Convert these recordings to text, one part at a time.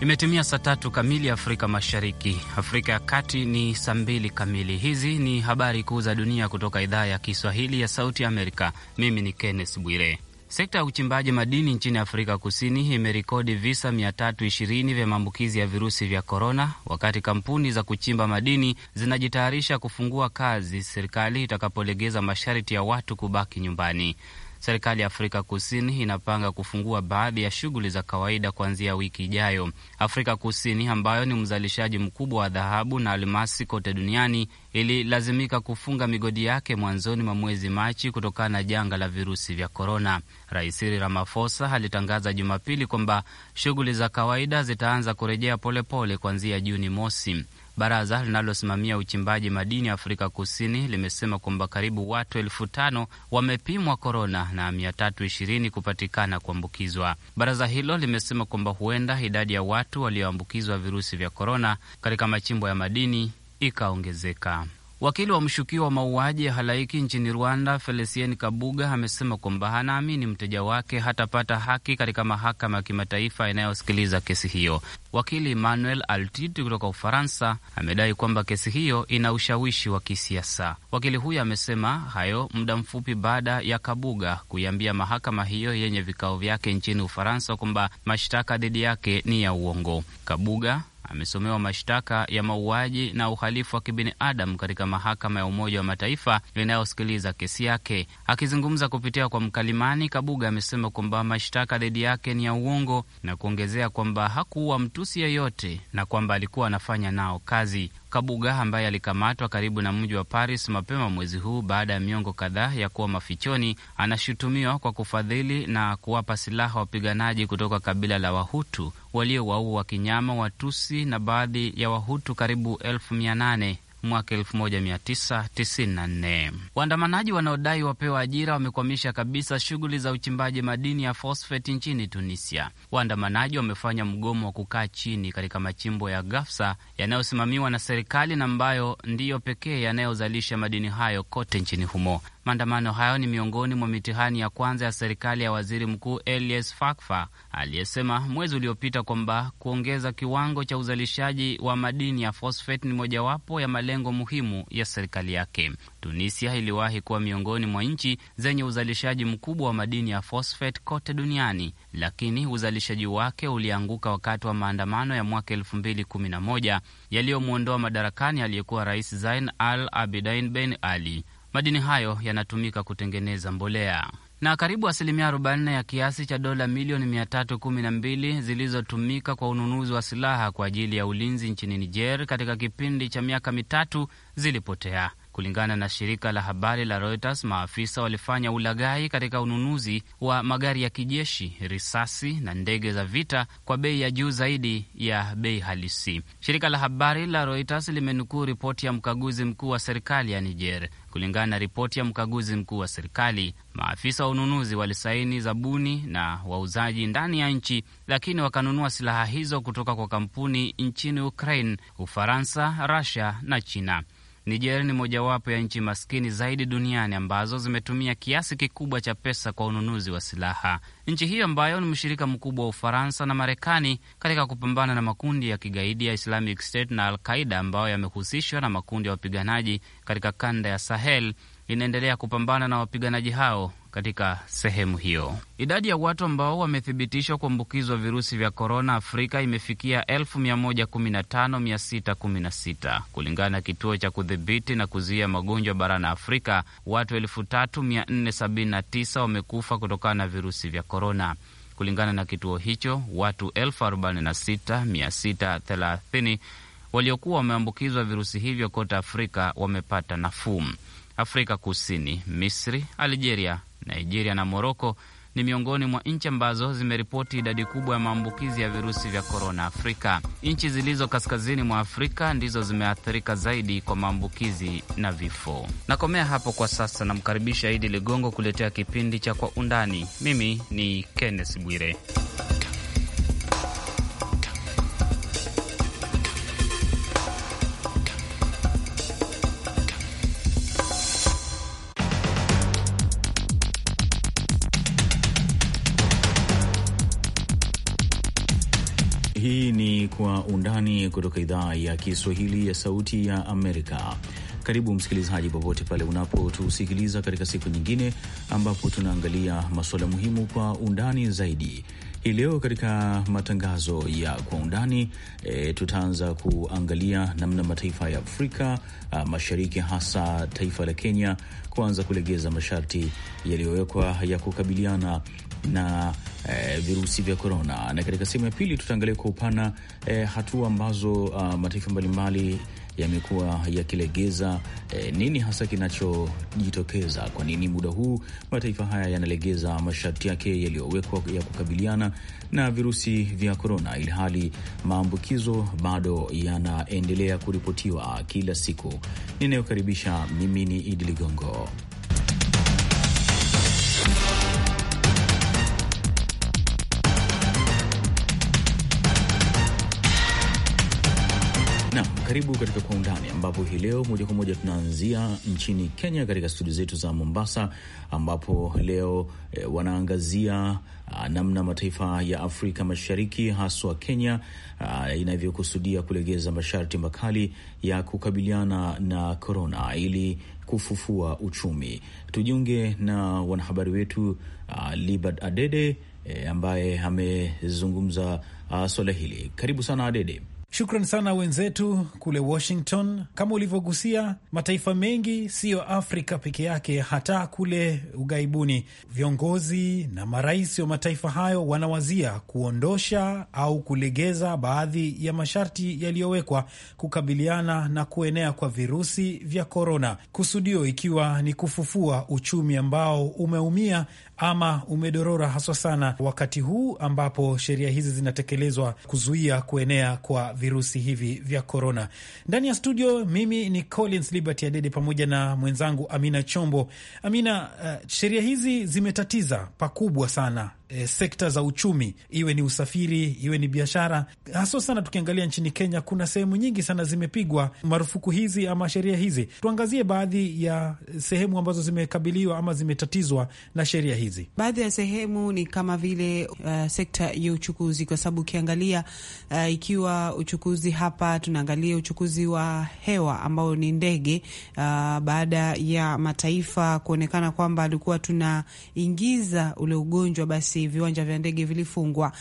Imetimia saa tatu kamili Afrika Mashariki, Afrika ya Kati ni saa mbili kamili. Hizi ni habari kuu za dunia kutoka idhaa ya Kiswahili ya Sauti Amerika. Mimi ni Kenneth Bwire. Sekta ya uchimbaji madini nchini Afrika Kusini imerekodi visa 320 vya maambukizi ya virusi vya korona, wakati kampuni za kuchimba madini zinajitayarisha kufungua kazi serikali itakapolegeza masharti ya watu kubaki nyumbani. Serikali ya Afrika Kusini inapanga kufungua baadhi ya shughuli za kawaida kuanzia wiki ijayo. Afrika Kusini ambayo ni mzalishaji mkubwa wa dhahabu na almasi kote duniani ililazimika kufunga migodi yake mwanzoni mwa mwezi Machi kutokana na janga la virusi vya korona. Rais Cyril Ramaphosa alitangaza Jumapili kwamba shughuli za kawaida zitaanza kurejea polepole kuanzia Juni mosi. Baraza linalosimamia uchimbaji madini Afrika Kusini limesema kwamba karibu watu elfu tano wamepimwa korona na 320 kupatikana kuambukizwa. Baraza hilo limesema kwamba huenda idadi ya watu walioambukizwa virusi vya korona katika machimbo ya madini ikaongezeka. Wakili wa mshukiwa wa mauaji ya halaiki nchini Rwanda, Felicien Kabuga, amesema kwamba hanaamini mteja wake hatapata haki katika mahakama ya kimataifa inayosikiliza kesi hiyo. Wakili Emmanuel Altid kutoka Ufaransa amedai kwamba kesi hiyo ina ushawishi wa kisiasa. Wakili huyo amesema hayo muda mfupi baada ya Kabuga kuiambia mahakama hiyo yenye vikao vyake nchini Ufaransa kwamba mashtaka dhidi yake ni ya uongo. Kabuga amesomewa mashtaka ya mauaji na uhalifu wa kibinadamu katika mahakama ya Umoja wa Mataifa inayosikiliza kesi yake. Akizungumza kupitia kwa mkalimani, Kabuga amesema kwamba mashtaka dhidi yake ni ya uongo na kuongezea kwamba hakuua mtusi yeyote na kwamba alikuwa anafanya nao kazi. Kabuga ambaye alikamatwa karibu na mji wa Paris mapema mwezi huu baada ya miongo kadhaa ya kuwa mafichoni, anashutumiwa kwa kufadhili na kuwapa silaha wapiganaji kutoka kabila la Wahutu waliowaua kinyama Watusi na baadhi ya Wahutu karibu elfu mia nane mwaka 1994. Waandamanaji wanaodai wapewa ajira wamekwamisha kabisa shughuli za uchimbaji madini ya fosfeti nchini Tunisia. Waandamanaji wamefanya mgomo wa kukaa chini katika machimbo ya Gafsa yanayosimamiwa na serikali na ambayo ndiyo pekee yanayozalisha madini hayo kote nchini humo. Maandamano hayo ni miongoni mwa mitihani ya kwanza ya serikali ya waziri mkuu Elias Fakfa aliyesema mwezi uliopita kwamba kuongeza kiwango cha uzalishaji wa madini ya fosfate ni mojawapo ya malengo muhimu ya serikali yake. Tunisia iliwahi kuwa miongoni mwa nchi zenye uzalishaji mkubwa wa madini ya fosfate kote duniani, lakini uzalishaji wake ulianguka wakati wa maandamano ya mwaka elfu mbili kumi na moja yaliyomwondoa madarakani aliyekuwa rais Zain Al Abidin Ben Ali. Madini hayo yanatumika kutengeneza mbolea na karibu asilimia 40 ya kiasi cha dola milioni 312 zilizotumika kwa ununuzi wa silaha kwa ajili ya ulinzi nchini Niger katika kipindi cha miaka mitatu zilipotea. Kulingana na shirika la habari la Reuters, maafisa walifanya ulaghai katika ununuzi wa magari ya kijeshi, risasi na ndege za vita kwa bei ya juu zaidi ya bei halisi. Shirika la habari la Reuters limenukuu ripoti ya mkaguzi mkuu wa serikali ya Niger. Kulingana na ripoti ya mkaguzi mkuu wa serikali, maafisa wa ununuzi walisaini zabuni na wauzaji ndani ya nchi, lakini wakanunua silaha hizo kutoka kwa kampuni nchini Ukraine, Ufaransa, rasia na China. Niger ni mojawapo ya nchi maskini zaidi duniani ambazo zimetumia kiasi kikubwa cha pesa kwa ununuzi wa silaha. Nchi hiyo ambayo ni mshirika mkubwa wa Ufaransa na Marekani katika kupambana na makundi ya kigaidi ya Islamic State na Al Qaida ambayo yamehusishwa na makundi ya wapiganaji katika kanda ya Sahel inaendelea kupambana na wapiganaji hao katika sehemu hiyo. Idadi ya watu ambao wamethibitishwa kuambukizwa virusi vya korona Afrika imefikia 115616 kulingana na kituo cha kudhibiti na kuzuia magonjwa barani Afrika. Watu 3479 wamekufa kutokana na virusi vya korona. Kulingana na kituo hicho, watu 46630 waliokuwa wameambukizwa virusi hivyo kote Afrika wamepata nafuu. Afrika Kusini, Misri, Algeria, Nigeria na Moroko ni miongoni mwa nchi ambazo zimeripoti idadi kubwa ya maambukizi ya virusi vya korona Afrika. Nchi zilizo kaskazini mwa Afrika ndizo zimeathirika zaidi kwa maambukizi na vifo. Nakomea hapo kwa sasa, namkaribisha Idi Ligongo kuletea kipindi cha Kwa Undani. Mimi ni Kenneth Bwire. Undani kutoka idhaa ya Kiswahili ya Sauti ya Amerika. Karibu msikilizaji, popote pale unapotusikiliza katika siku nyingine ambapo tunaangalia masuala muhimu kwa undani zaidi. Hii leo katika matangazo ya kwa undani e, tutaanza kuangalia namna mataifa ya Afrika a, Mashariki hasa taifa la Kenya kuanza kulegeza masharti yaliyowekwa ya kukabiliana na eh, virusi vya korona, na katika sehemu ya pili tutaangalia kwa upana eh, hatua ambazo uh, mataifa mbalimbali yamekuwa yakilegeza eh, nini hasa kinachojitokeza. Kwa nini muda huu mataifa haya yanalegeza masharti yake yaliyowekwa ya kukabiliana na virusi vya korona, ili hali maambukizo bado yanaendelea kuripotiwa kila siku? Ninayokaribisha mimi ni Idi Ligongo. Karibu katika Kwa Undani, ambapo hii leo moja kwa moja tunaanzia nchini Kenya, katika studio zetu za Mombasa, ambapo leo e, wanaangazia a, ah, namna mataifa ya Afrika Mashariki haswa Kenya ah, inavyokusudia kulegeza masharti makali ya kukabiliana na korona ili kufufua uchumi. Tujiunge na wanahabari wetu ah, Libert Adede e, ambaye amezungumza swala hili. Karibu sana Adede. Shukran sana wenzetu kule Washington. Kama ulivyogusia, mataifa mengi siyo Afrika peke yake, hata kule ughaibuni, viongozi na marais wa mataifa hayo wanawazia kuondosha au kulegeza baadhi ya masharti yaliyowekwa kukabiliana na kuenea kwa virusi vya korona, kusudio ikiwa ni kufufua uchumi ambao umeumia ama umedorora haswa sana wakati huu ambapo sheria hizi zinatekelezwa kuzuia kuenea kwa virusi hivi vya korona. Ndani ya studio, mimi ni Collins Liberty Adede pamoja na mwenzangu Amina Chombo. Amina, uh, sheria hizi zimetatiza pakubwa sana eh, sekta za uchumi, iwe ni usafiri, iwe ni biashara. Haswa sana tukiangalia nchini Kenya, kuna sehemu nyingi sana zimepigwa marufuku hizi ama sheria hizi. Tuangazie baadhi ya sehemu ambazo zimekabiliwa ama zimetatizwa na sheria hizi. Baadhi ya sehemu ni kama vile uh, sekta ya uchukuzi, kwa sababu ukiangalia uh, ikiwa uchukuzi hapa tunaangalia uchukuzi wa hewa ambao ni ndege uh, baada ya mataifa kuonekana kwamba alikuwa tunaingiza ule ugonjwa basi basi viwanja vya ndege vilifungwa.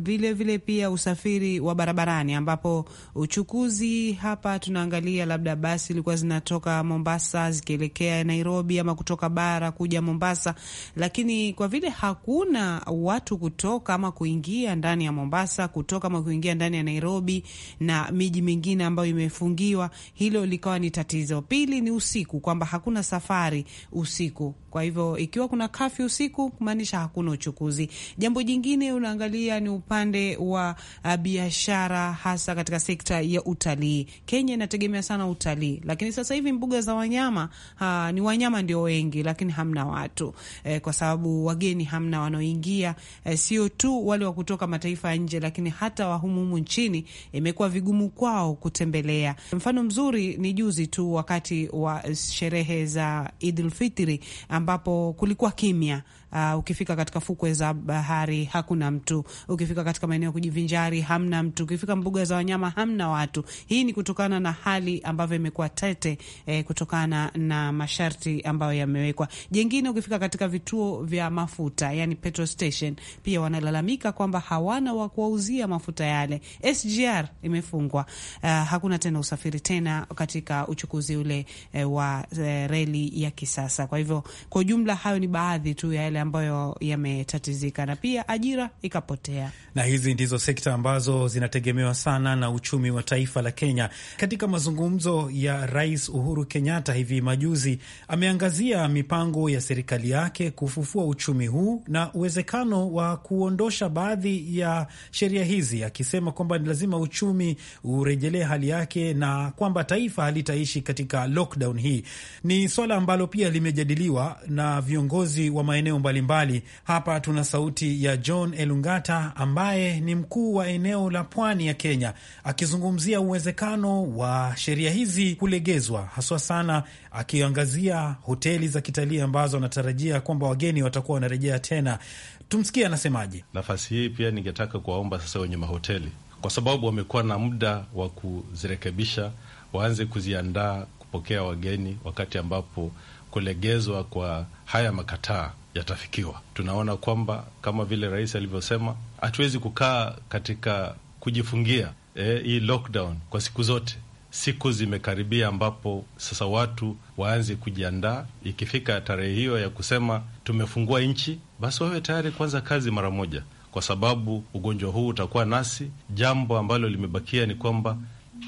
vile vile pia usafiri wa barabarani, ambapo uchukuzi hapa tunaangalia labda basi ilikuwa zinatoka Mombasa zikielekea Nairobi ama kutoka bara kuja Mombasa, lakini kwa vile hakuna watu kutoka ama kuingia ndani ya Mombasa, kutoka ama kuingia ndani ya Nairobi na miji mingine ambayo imefungiwa, hilo likawa ni tatizo. Pili ni usiku, kwamba hakuna safari usiku. Kwa hivyo ikiwa kuna kafi usiku, kumaanisha hakuna uchukuzi uchafuzi. Jambo jingine unaangalia ni upande wa uh, biashara hasa katika sekta ya utalii. Kenya inategemea sana utalii, lakini sasa hivi mbuga za wanyama ha, uh, ni wanyama ndio wengi, lakini hamna watu e, kwa sababu wageni hamna wanaoingia, e, sio tu wale wa kutoka mataifa ya nje, lakini hata wahumuhumu nchini imekuwa vigumu kwao kutembelea. Mfano mzuri ni juzi tu wakati wa sherehe za Idul Fitri ambapo kulikuwa kimya Uh, ukifika katika fukwe za bahari hakuna mtu, ukifika katika maeneo ya kujivinjari hamna mtu, ukifika mbuga za wanyama hamna watu. Hii ni kutokana na hali ambavyo imekuwa tete eh, kutokana na masharti ambayo yamewekwa. Jengine, ukifika katika vituo vya mafuta yani petrol station, pia wanalalamika kwamba hawana wa kuwauzia mafuta yale. SGR imefungwa. Uh, hakuna tena usafiri tena katika uchukuzi ule eh, wa eh, reli ya kisasa. Kwa hivyo kwa ujumla hayo ni baadhi tu ya yale ambayo yametatizika na pia ajira ikapotea. Na hizi ndizo sekta ambazo zinategemewa sana na uchumi wa taifa la Kenya. Katika mazungumzo ya Rais Uhuru Kenyatta hivi majuzi, ameangazia mipango ya serikali yake kufufua uchumi huu na uwezekano wa kuondosha baadhi ya sheria hizi, akisema kwamba ni lazima uchumi urejelee hali yake na kwamba taifa halitaishi katika lockdown hii. Ni swala ambalo pia limejadiliwa na viongozi wa maeneo mbalimbali. Hapa tuna sauti ya John Elungata ambaye ni mkuu wa eneo la pwani ya Kenya akizungumzia uwezekano wa sheria hizi kulegezwa, haswa sana akiangazia hoteli za kitalii ambazo anatarajia kwamba wageni watakuwa wanarejea tena. Tumsikie anasemaje. Nafasi hii pia ningetaka kuwaomba sasa wenye mahoteli, kwa sababu wamekuwa na muda wa kuzirekebisha, waanze kuziandaa kupokea wageni, wakati ambapo kulegezwa kwa haya makataa yatafikiwa. Tunaona kwamba kama vile rais alivyosema, hatuwezi kukaa katika kujifungia eh, hii lockdown kwa siku zote. Siku zimekaribia ambapo sasa watu waanze kujiandaa. Ikifika tarehe hiyo ya kusema tumefungua nchi, basi wawe tayari kwanza kazi mara moja, kwa sababu ugonjwa huu utakuwa nasi. Jambo ambalo limebakia ni kwamba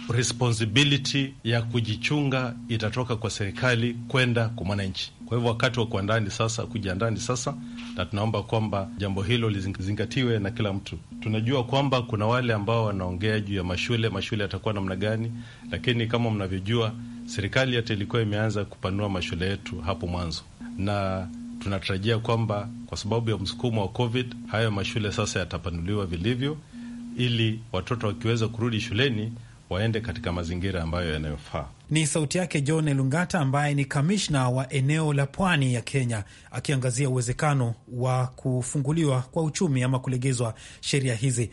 responsibility ya kujichunga itatoka kwa serikali kwenda kwa mwananchi. Kwa hivyo wakati wa kuandaa ni sasa, kujiandaa ni sasa, na tunaomba kwamba jambo hilo lizingatiwe na kila mtu. Tunajua kwamba kuna wale ambao wanaongea juu ya mashule, mashule yatakuwa namna gani, lakini kama mnavyojua, serikali hata ilikuwa imeanza kupanua mashule yetu hapo mwanzo, na tunatarajia kwamba kwa sababu ya msukumo wa COVID hayo mashule sasa yatapanuliwa vilivyo, ili watoto wakiweza kurudi shuleni waende katika mazingira ambayo yanayofaa. Ni sauti yake John Elungata, ambaye ni kamishna wa eneo la pwani ya Kenya, akiangazia uwezekano wa kufunguliwa kwa uchumi ama kulegezwa sheria hizi.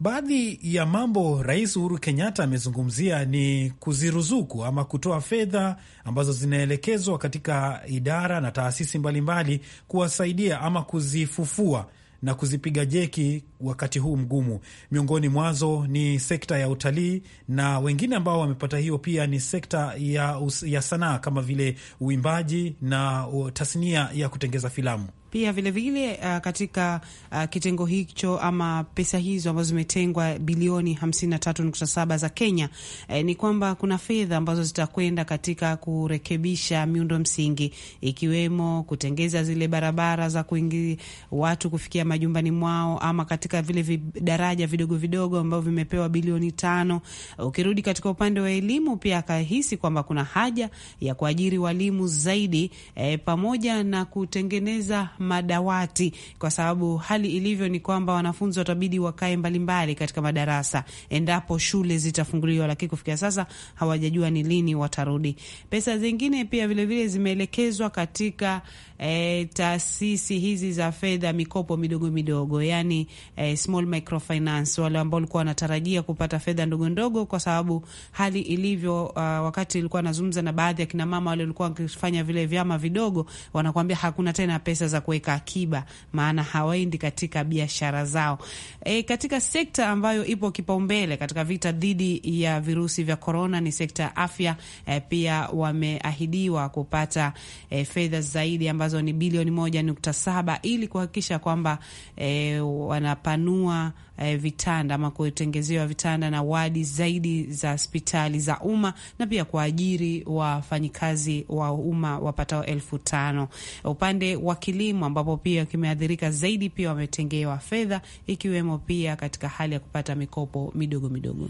Baadhi ya mambo Rais Uhuru Kenyatta amezungumzia ni kuziruzuku ama kutoa fedha ambazo zinaelekezwa katika idara na taasisi mbalimbali kuwasaidia ama kuzifufua na kuzipiga jeki wakati huu mgumu. Miongoni mwazo ni sekta ya utalii, na wengine ambao wamepata hiyo pia ni sekta ya, ya sanaa kama vile uimbaji na tasnia ya kutengeza filamu. Pia vilevile vile, uh, katika uh, kitengo hicho ama pesa hizo ambazo zimetengwa bilioni 53.7 za Kenya eh, ni kwamba kuna fedha ambazo zitakwenda katika kurekebisha miundo msingi ikiwemo kutengeza zile barabara za kuingi watu kufikia majumbani mwao ama katika vile daraja vidogo vidogo ambavyo vimepewa bilioni tano. Ukirudi katika upande wa elimu pia akahisi kwamba kuna haja ya kuajiri walimu zaidi eh, pamoja na kutengeneza madawati, kwa sababu hali ilivyo ni kwamba wanafunzi watabidi wakae mbalimbali katika madarasa endapo shule zitafunguliwa, lakini kufikia sasa hawajajua ni lini watarudi. Pesa zingine pia vilevile zimeelekezwa katika E, taasisi hizi za fedha, mikopo midogo midogo, yani e, eh, small microfinance, wale ambao walikuwa wanatarajia kupata fedha ndogo ndogo, kwa sababu hali ilivyo. Uh, wakati ilikuwa nazungumza na baadhi ya kinamama wale walikuwa wakifanya vile vyama vidogo, wanakuambia hakuna tena pesa za kuweka akiba, maana hawaendi katika biashara zao. E, katika sekta ambayo ipo kipaumbele katika vita dhidi ya virusi vya korona ni sekta ya afya. E, pia wameahidiwa kupata e, fedha zaidi ambazo ni bilioni moja nukta saba ili kuhakikisha kwamba e, wanapanua eh, vitanda ama kutengezewa vitanda na wadi zaidi za hospitali za umma na pia kuajiri wafanyikazi wa umma wapatao elfu tano. Upande wa kilimo ambapo pia kimeathirika zaidi, pia wametengewa fedha ikiwemo pia katika hali ya kupata mikopo midogo midogo.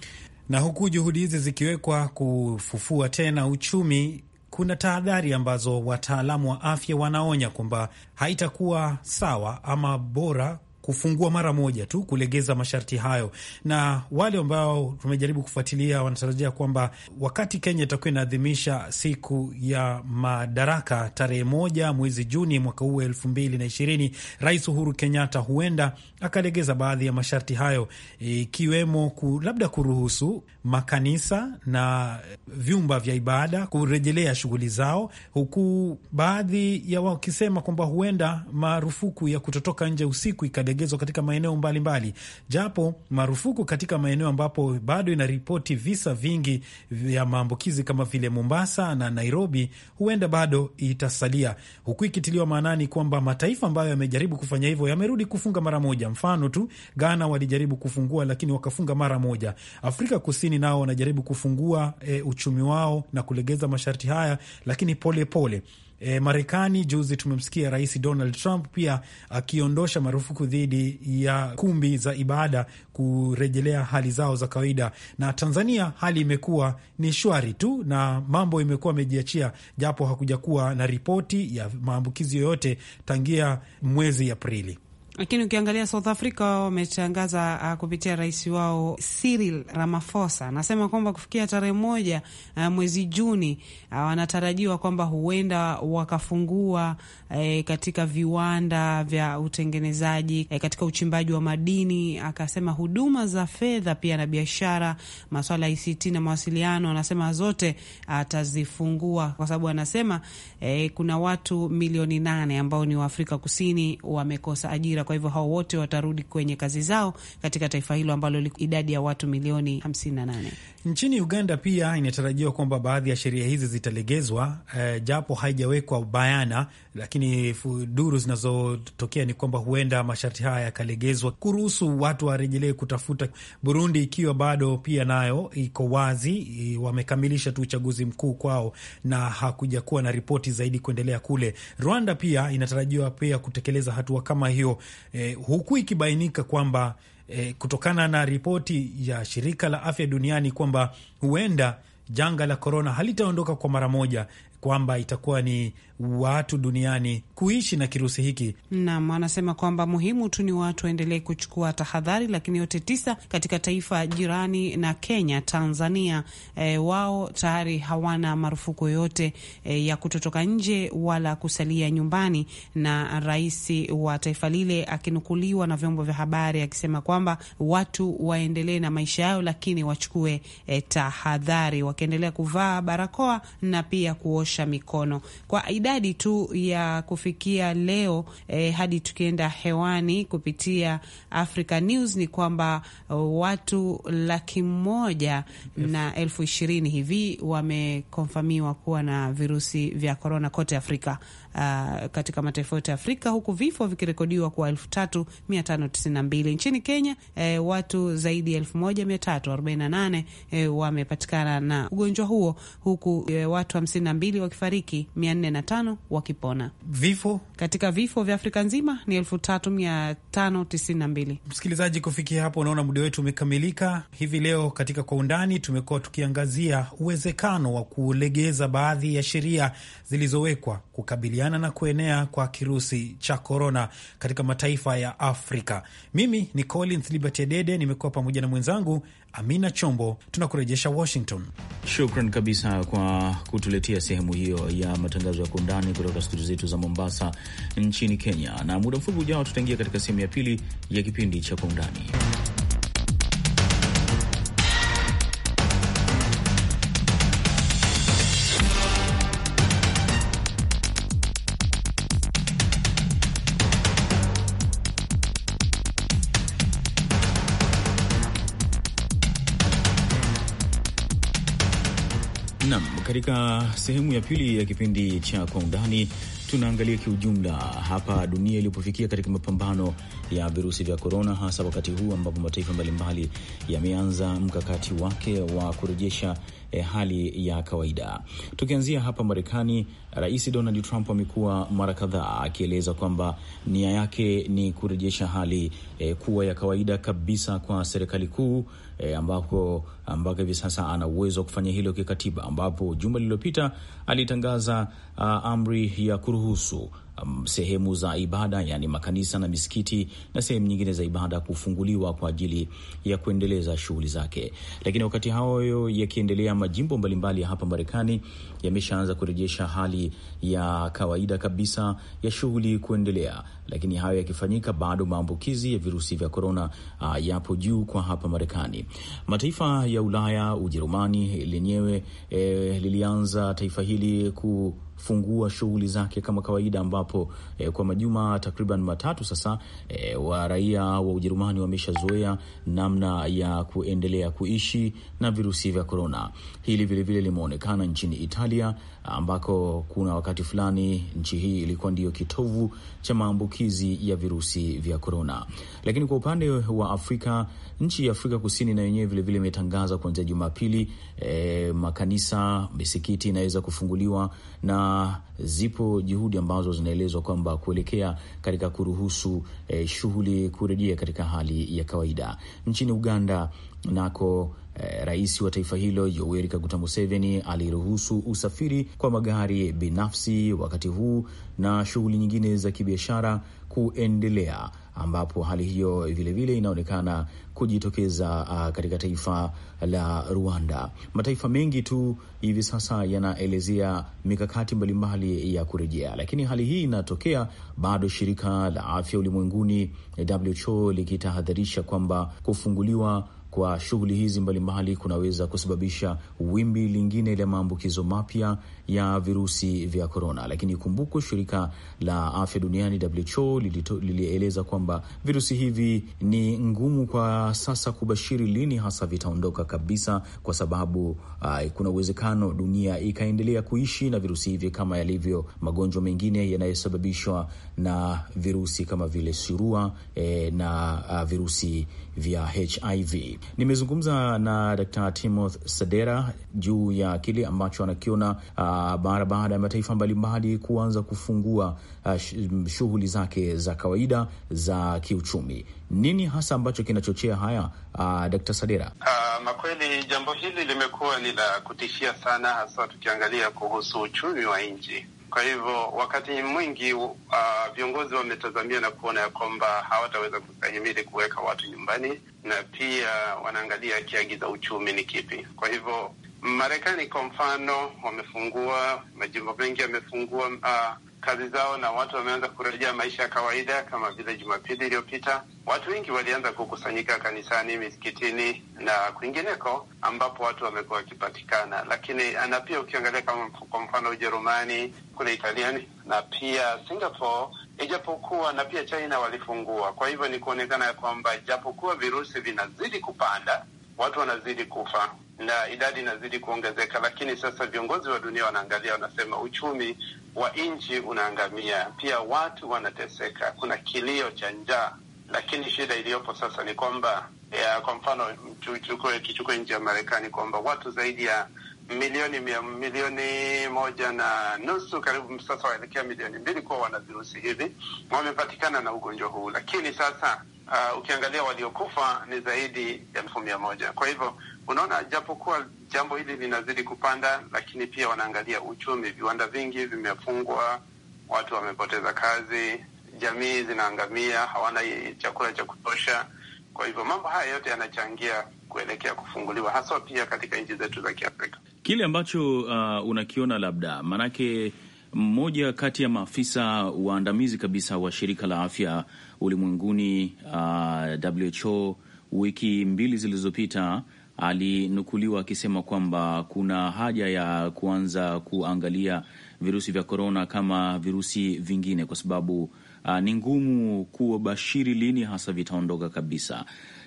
Na huku juhudi hizi zikiwekwa kufufua tena uchumi kuna tahadhari ambazo wataalamu wa afya wanaonya kwamba haitakuwa sawa ama bora kufungua mara moja tu kulegeza masharti hayo, na wale ambao tumejaribu kufuatilia wanatarajia kwamba wakati Kenya itakuwa inaadhimisha siku ya madaraka tarehe moja mwezi Juni mwaka huu elfu mbili na ishirini, Rais Uhuru Kenyatta huenda akalegeza baadhi ya masharti hayo ikiwemo ku, labda kuruhusu makanisa na vyumba vya ibada kurejelea shughuli zao, huku baadhi ya wakisema kwamba huenda marufuku ya kutotoka nje usiku ikale kulegezwa katika maeneo mbalimbali mbali. Japo marufuku katika maeneo ambapo bado inaripoti visa vingi vya maambukizi kama vile Mombasa na Nairobi huenda bado itasalia, huku ikitiliwa maanani kwamba mataifa ambayo yamejaribu kufanya hivyo yamerudi kufunga mara moja. Mfano tu Ghana walijaribu kufungua lakini wakafunga mara moja. Afrika Kusini nao wanajaribu kufungua e, uchumi wao na kulegeza masharti haya lakini polepole pole e, Marekani. Juzi tumemsikia Rais Donald Trump pia akiondosha marufuku dhidi ya kumbi za ibada kurejelea hali zao za kawaida. Na Tanzania hali imekuwa ni shwari tu na mambo imekuwa amejiachia, japo hakuja kuwa na ripoti ya maambukizi yoyote tangia mwezi Aprili. Lakini ukiangalia South Africa wametangaza uh, kupitia rais wao Cyril Ramaphosa anasema kwamba kufikia tarehe moja uh, mwezi Juni uh, wanatarajiwa kwamba huenda wakafungua uh, katika viwanda vya utengenezaji uh, katika uchimbaji wa madini. Akasema uh, huduma za fedha pia na biashara, maswala ya ICT na mawasiliano, anasema zote atazifungua uh, kwa sababu anasema uh, kuna watu milioni nane ambao ni wa Afrika Kusini wamekosa ajira kwa hivyo hao wote watarudi kwenye kazi zao katika taifa hilo ambalo idadi ya watu milioni 58. Nchini Uganda pia inatarajiwa kwamba baadhi ya sheria hizi zitalegezwa, eh, japo haijawekwa bayana, lakini duru zinazotokea ni kwamba huenda masharti haya yakalegezwa kuruhusu watu warejelee kutafuta. Burundi ikiwa bado pia nayo iko wazi, wamekamilisha tu uchaguzi mkuu kwao na hakuja kuwa na ripoti zaidi kuendelea kule. Rwanda pia inatarajiwa pia kutekeleza hatua kama hiyo, eh, huku ikibainika kwamba eh, kutokana na ripoti ya shirika la afya duniani kwamba huenda janga la korona halitaondoka kwa mara moja, kwamba itakuwa ni watu duniani kuishi na kirusi hiki. Naam, anasema kwamba muhimu tu ni watu waendelee kuchukua tahadhari, lakini yote tisa katika taifa jirani na Kenya, Tanzania, e, wao tayari hawana marufuku yoyote e, ya kutotoka nje wala kusalia nyumbani, na rais wa taifa lile akinukuliwa na vyombo vya habari akisema kwamba watu waendelee na maisha yao, lakini wachukue e, tahadhari, wakiendelea kuvaa barakoa na pia kuosha kuosha mikono. Kwa idadi tu ya kufikia leo eh, hadi tukienda hewani kupitia Africa News ni kwamba eh, watu laki moja na elfu ishirini hivi wamekonfamiwa kuwa na virusi vya korona kote Afrika uh, katika mataifa yote ya Afrika, huku vifo vikirekodiwa kwa 3592 nchini Kenya. Eh, watu zaidi ya 1348 eh, wamepatikana na ugonjwa huo huku eh, watu 52 wakifariki, 405 wakipona. Vifo katika vifo vya Afrika nzima ni 3592. Msikilizaji, kufikia hapo unaona muda wetu umekamilika. Hivi leo katika kwa undani tumekuwa tukiangazia uwezekano wa kulegeza baadhi ya sheria zilizowekwa kukabiliana kukabiliana na kuenea kwa kirusi cha korona katika mataifa ya Afrika. Mimi ni Collins Liberty Adede, nimekuwa pamoja na mwenzangu Amina Chombo. Tunakurejesha Washington. Shukran kabisa kwa kutuletea sehemu hiyo ya matangazo ya kwa undani kutoka studio zetu za Mombasa nchini Kenya, na muda mfupi ujao tutaingia katika sehemu ya pili ya kipindi cha kwa undani. Nam, katika sehemu ya pili ya kipindi cha Kwa Undani tunaangalia kiujumla hapa dunia ilipofikia katika mapambano ya virusi vya korona, hasa wakati huu ambapo mataifa mbalimbali yameanza mkakati wake wa kurejesha eh, hali ya kawaida. Tukianzia hapa Marekani, Rais Donald Trump amekuwa mara kadhaa akieleza kwamba nia yake ni kurejesha hali eh, kuwa ya kawaida kabisa kwa serikali kuu E, eh, ambapo mpaka hivi sasa ana uwezo wa kufanya hilo kikatiba, ambapo juma lililopita alitangaza uh, amri ya kuruhusu um, sehemu za ibada yani makanisa na misikiti na sehemu nyingine za ibada kufunguliwa kwa ajili ya kuendeleza shughuli zake. Lakini wakati hayo yakiendelea, majimbo mbalimbali hapa Marekani yameshaanza kurejesha hali ya kawaida kabisa ya shughuli kuendelea, lakini hayo yakifanyika, bado maambukizi ya virusi vya korona uh, ah, yapo juu kwa hapa Marekani. Mataifa ya Ulaya, Ujerumani lenyewe eh, lilianza taifa hili ku fungua shughuli zake kama kawaida ambapo eh, kwa majuma takriban matatu sasa eh, wa raia wa Ujerumani wameshazoea namna ya kuendelea kuishi na virusi vya korona. Hili vilevile limeonekana nchini Italia Somalia, ambako kuna wakati fulani nchi hii ilikuwa ndiyo kitovu cha maambukizi ya virusi vya korona. Lakini kwa upande wa Afrika, nchi ya Afrika Kusini na yenyewe vilevile imetangaza kuanzia Jumapili e, makanisa, misikiti inaweza kufunguliwa na zipo juhudi ambazo zinaelezwa kwamba kuelekea katika kuruhusu e, shughuli kurejea katika hali ya kawaida. Nchini Uganda nako Eh, rais wa taifa hilo Yoweri Kaguta Museveni aliruhusu usafiri kwa magari binafsi wakati huu na shughuli nyingine za kibiashara kuendelea, ambapo hali hiyo vilevile inaonekana kujitokeza uh, katika taifa la Rwanda. Mataifa mengi tu hivi sasa yanaelezea mikakati mbalimbali ya kurejea, lakini hali hii inatokea bado, shirika la afya ulimwenguni WHO likitahadharisha kwamba kufunguliwa kwa shughuli hizi mbalimbali kunaweza kusababisha wimbi lingine la maambukizo mapya ya virusi vya korona. Lakini ikumbukwe, shirika la afya duniani WHO lilieleza kwamba virusi hivi ni ngumu kwa sasa kubashiri lini hasa vitaondoka kabisa, kwa sababu uh, kuna uwezekano dunia ikaendelea kuishi na virusi hivi kama yalivyo magonjwa mengine yanayosababishwa na virusi kama vile surua e, na uh, virusi vya HIV. Nimezungumza na d Timothy Sadera juu ya kile ambacho anakiona mara baada ya mataifa mbalimbali kuanza kufungua shughuli zake za kawaida za kiuchumi. Nini hasa ambacho kinachochea haya, d Sadera? Makweli jambo hili limekuwa ni la kutishia sana, hasa tukiangalia kuhusu uchumi wa nchi kwa hivyo wakati mwingi uh, viongozi wametazamia na kuona ya kwamba hawataweza kustahimili kuweka watu nyumbani, na pia wanaangalia kiagiza uchumi ni kipi. Kwa hivyo Marekani kwa mfano, wamefungua majimbo mengi, yamefungua uh, kazi zao na watu wameanza kurejea maisha ya kawaida. Kama vile Jumapili iliyopita, watu wengi walianza kukusanyika kanisani, misikitini na kwingineko ambapo watu wamekuwa wakipatikana. Lakini na pia ukiangalia kama kwa mfano Ujerumani kule Italiani na pia Singapore, ijapokuwa na pia China walifungua. Kwa hivyo ni kuonekana ya kwamba ijapokuwa virusi vinazidi kupanda, watu wanazidi kufa na idadi inazidi kuongezeka, lakini sasa viongozi wa dunia wanaangalia, wanasema uchumi wa nchi unaangamia, pia watu wanateseka, kuna kilio cha njaa. Lakini shida iliyopo sasa ni kwamba, eh, kwa mfano, kichukue nchi ya Marekani kwamba watu zaidi ya milioni mia milioni moja na nusu karibu sasa waelekea milioni mbili kuwa wana virusi hivi wamepatikana na ugonjwa huu, lakini sasa uh, ukiangalia waliokufa ni zaidi ya elfu mia moja. Kwa hivyo unaona, japokuwa jambo hili linazidi kupanda, lakini pia wanaangalia uchumi. Viwanda vingi vimefungwa, watu wamepoteza kazi, jamii zinaangamia, hawana chakula cha kutosha. Kwa hivyo mambo haya yote yanachangia kuelekea kufunguliwa, haswa pia katika nchi zetu za Kiafrika kile ambacho uh, unakiona labda, maanake mmoja kati ya maafisa waandamizi kabisa wa shirika la afya ulimwenguni uh, WHO wiki mbili zilizopita alinukuliwa akisema kwamba kuna haja ya kuanza kuangalia virusi vya korona kama virusi vingine, kwa sababu uh, ni ngumu bashiri lini hasa vitaondoka kabisa.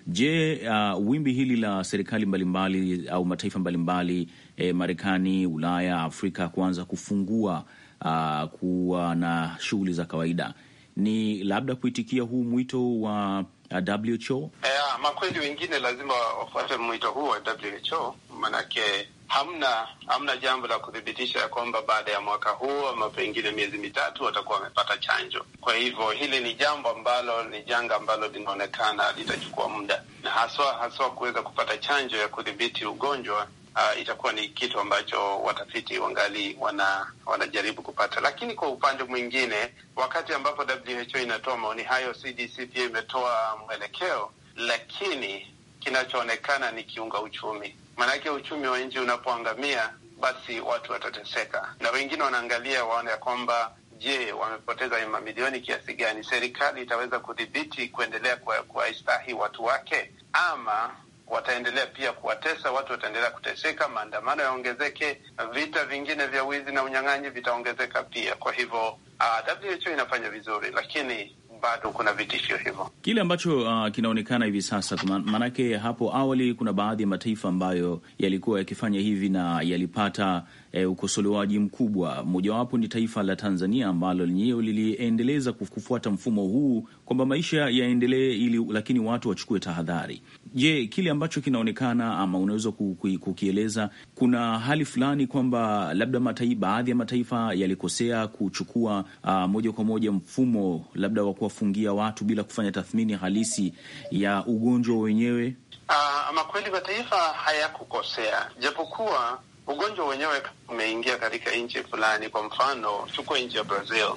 Je, uh, wimbi hili la serikali mbalimbali mbali, au mataifa mbalimbali eh, Marekani, Ulaya, Afrika kuanza kufungua uh, kuwa na shughuli za kawaida ni labda kuitikia huu mwito wa WHO? Yeah, eh, makweli wengine lazima wafuate mwito huu wa WHO manake hamna hamna jambo la kuthibitisha ya kwamba baada ya mwaka huu ama pengine miezi mitatu watakuwa wamepata chanjo. Kwa hivyo hili ni jambo ambalo ni janga ambalo linaonekana litachukua muda, na haswa haswa kuweza kupata chanjo ya kudhibiti ugonjwa. Uh, itakuwa ni kitu ambacho watafiti wangali wana wanajaribu kupata, lakini kwa upande mwingine, wakati ambapo WHO inatoa maoni hayo, CDC pia imetoa mwelekeo, lakini kinachoonekana ni kiunga uchumi Maanake uchumi wa nchi unapoangamia, basi watu watateseka, na wengine wanaangalia waona ya kwamba je, wamepoteza mamilioni kiasi gani? Serikali itaweza kudhibiti kuendelea kuwaistahi watu wake, ama wataendelea pia kuwatesa watu, wataendelea kuteseka, maandamano yaongezeke, vita vingine vya wizi na unyang'anyi vitaongezeka pia. Kwa hivyo, uh, ah, WHO inafanya vizuri, lakini bado kuna vitisho hivyo, kile ambacho uh, kinaonekana hivi sasa. Maanake hapo awali kuna baadhi ya mataifa ambayo yalikuwa yakifanya hivi na yalipata E, ukosolewaji mkubwa. Mojawapo ni taifa la Tanzania ambalo lenyewe liliendeleza kufuata mfumo huu kwamba maisha yaendelee ili, lakini watu wachukue tahadhari. Je, kile ambacho kinaonekana ama unaweza kukieleza, kuna hali fulani kwamba labda matai, baadhi ya mataifa yalikosea kuchukua uh, moja kwa moja mfumo labda wa kuwafungia watu bila kufanya tathmini halisi ya ugonjwa wenyewe? Uh, ama kweli mataifa hayakukosea, japokuwa ugonjwa wenyewe umeingia katika nchi fulani. Kwa mfano, chukua nchi ya Brazil.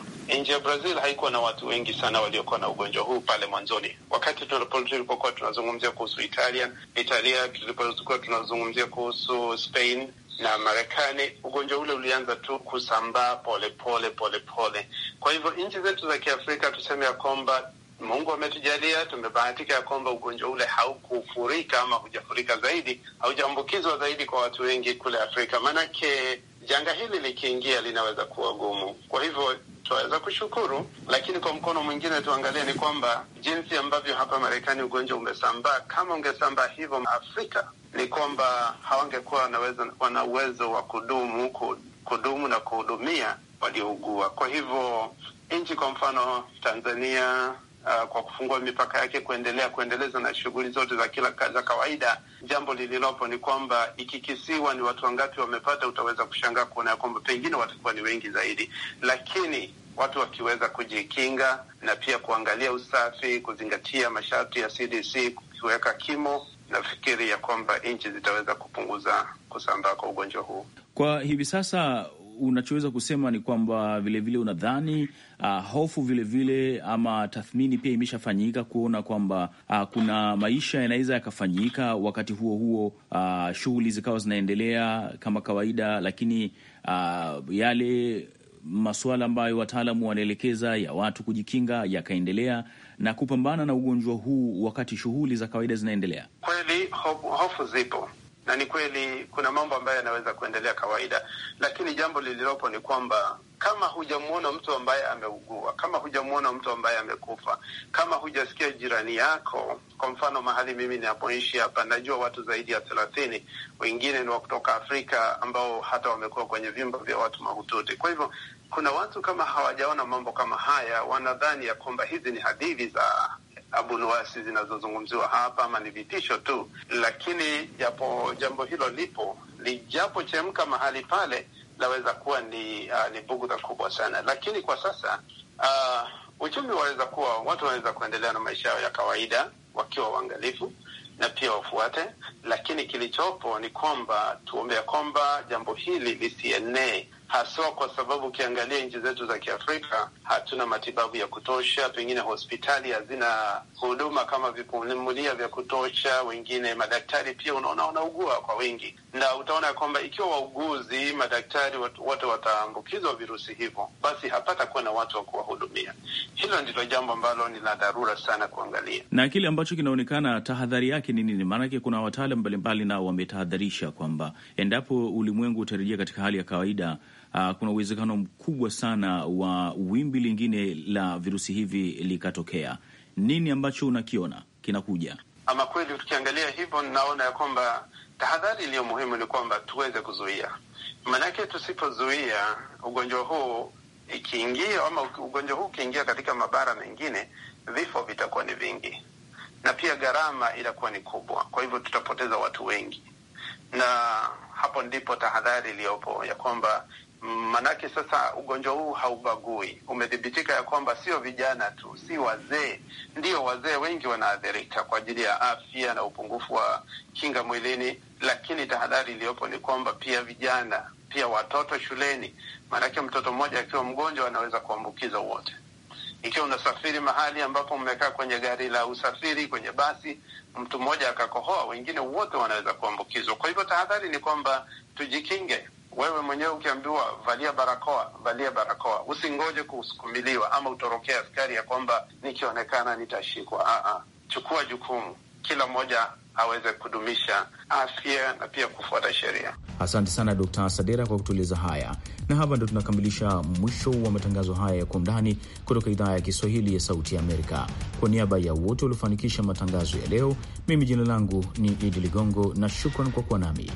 Nchi ya Brazil haikuwa na watu wengi sana waliokuwa na ugonjwa huu pale mwanzoni, wakati tulipokuwa tunazungumzia kuhusu Italia, Italia tulipokuwa tunazungumzia kuhusu Spain na Marekani, ugonjwa ule ulianza tu kusambaa polepole polepole pole. Kwa hivyo nchi zetu za Kiafrika tuseme ya kwamba Mungu ametujalia, tumebahatika ya kwamba ugonjwa ule haukufurika ama hujafurika zaidi, haujaambukizwa zaidi kwa watu wengi kule Afrika, maanake janga hili likiingia linaweza kuwa gumu. Kwa hivyo twaweza kushukuru, lakini kwa mkono mwingine tuangalie ni kwamba jinsi ambavyo hapa Marekani ugonjwa umesambaa, kama ungesambaa hivyo Afrika ni kwamba hawangekuwa wana uwezo wa kudumu kudumu na kuhudumia waliougua. Kwa hivyo nchi, kwa mfano Tanzania uh, kwa kufungua mipaka yake kuendelea kuendeleza na shughuli zote za kila za kawaida. Jambo lililopo ni kwamba ikikisiwa ni watu wangapi wamepata, utaweza kushangaa kuona ya kwamba pengine watakuwa ni wengi zaidi, lakini watu wakiweza kujikinga na pia kuangalia usafi, kuzingatia masharti ya CDC, kuweka kimo, nafikiri ya kwamba nchi zitaweza kupunguza kusambaa kwa ugonjwa huu. Kwa hivi sasa unachoweza kusema ni kwamba vilevile unadhani uh, hofu vilevile vile, ama tathmini pia imeshafanyika kuona kwamba uh, kuna maisha yanaweza yakafanyika wakati huo huo, uh, shughuli zikawa zinaendelea kama kawaida, lakini uh, yale masuala ambayo wataalamu wanaelekeza ya watu kujikinga yakaendelea na kupambana na ugonjwa huu wakati shughuli za kawaida zinaendelea. Kweli hofu zipo na ni kweli kuna mambo ambayo yanaweza kuendelea kawaida, lakini jambo lililopo ni kwamba kama hujamwona mtu ambaye ameugua, kama hujamwona mtu ambaye amekufa, kama hujasikia jirani yako, kwa mfano mahali mimi ninapoishi hapa, najua watu zaidi ya thelathini, wengine ni wa kutoka Afrika ambao hata wamekuwa kwenye vyumba vya watu mahututi. Kwa hivyo kuna watu kama hawajaona mambo kama haya, wanadhani ya kwamba hizi ni hadithi za abunuwasi zinazozungumziwa hapa ama ni vitisho tu, lakini japo jambo hilo lipo lijapochemka mahali pale, laweza kuwa ni, uh, ni bugudha kubwa sana, lakini kwa sasa uh, uchumi waweza kuwa, watu wanaweza kuendelea na maisha yao ya kawaida wakiwa waangalifu na pia wafuate, lakini kilichopo ni kwamba tuombea kwamba jambo hili lisienee haswa kwa sababu ukiangalia nchi zetu za Kiafrika hatuna matibabu ya kutosha, pengine hospitali hazina huduma kama vipumulia vya kutosha, wengine madaktari pia unaona wanaugua kwa wingi, na utaona kwamba ikiwa wauguzi, madaktari wote wataambukizwa virusi hivyo, basi hapata kuwa na watu wa kuwahudumia. Hilo ndilo jambo ambalo ni la dharura sana kuangalia, na kile ambacho kinaonekana tahadhari yake ni nini? Maanake kuna wataalam mbalimbali nao wametahadharisha kwamba endapo ulimwengu utarejea katika hali ya kawaida uh, kuna uwezekano mkubwa sana wa wimbi lingine la virusi hivi likatokea. Nini ambacho unakiona kinakuja? Ama kweli, tukiangalia hivyo, naona ya kwamba tahadhari iliyo muhimu ni kwamba tuweze kuzuia, maanake tusipozuia ugonjwa huu ikiingia ama ugonjwa huu ukiingia katika mabara mengine, vifo vitakuwa ni vingi na pia gharama itakuwa ni kubwa. Kwa hivyo tutapoteza watu wengi, na hapo ndipo tahadhari iliyopo ya kwamba Mm, manake sasa ugonjwa huu haubagui, umethibitika ya kwamba sio vijana tu, si wazee. Ndio wazee wengi wanaathirika kwa ajili ya afya na upungufu wa kinga mwilini, lakini tahadhari iliyopo ni kwamba pia vijana, pia watoto shuleni, maanake mtoto mmoja akiwa mgonjwa anaweza kuambukiza wote. Ikiwa unasafiri mahali ambapo mmekaa kwenye gari la usafiri, kwenye basi, mtu mmoja akakohoa, wengine wote wanaweza kuambukizwa. Kwa hivyo tahadhari ni kwamba tujikinge. Wewe mwenyewe ukiambiwa valia barakoa, valia barakoa, usingoje kusukumiliwa ama utorokea askari ya kwamba nikionekana nitashikwa. Ah, ah, chukua jukumu, kila mmoja aweze kudumisha afya na pia kufuata sheria. Asante sana Dkt. Sadera kwa kutueleza haya, na hapa ndo tunakamilisha mwisho wa matangazo haya ya Kwa Undani kutoka idhaa ya Kiswahili ya Sauti ya Amerika. Kwa niaba ya wote waliofanikisha matangazo ya leo, mimi jina langu ni Idi Ligongo na shukran kwa kuwa nami.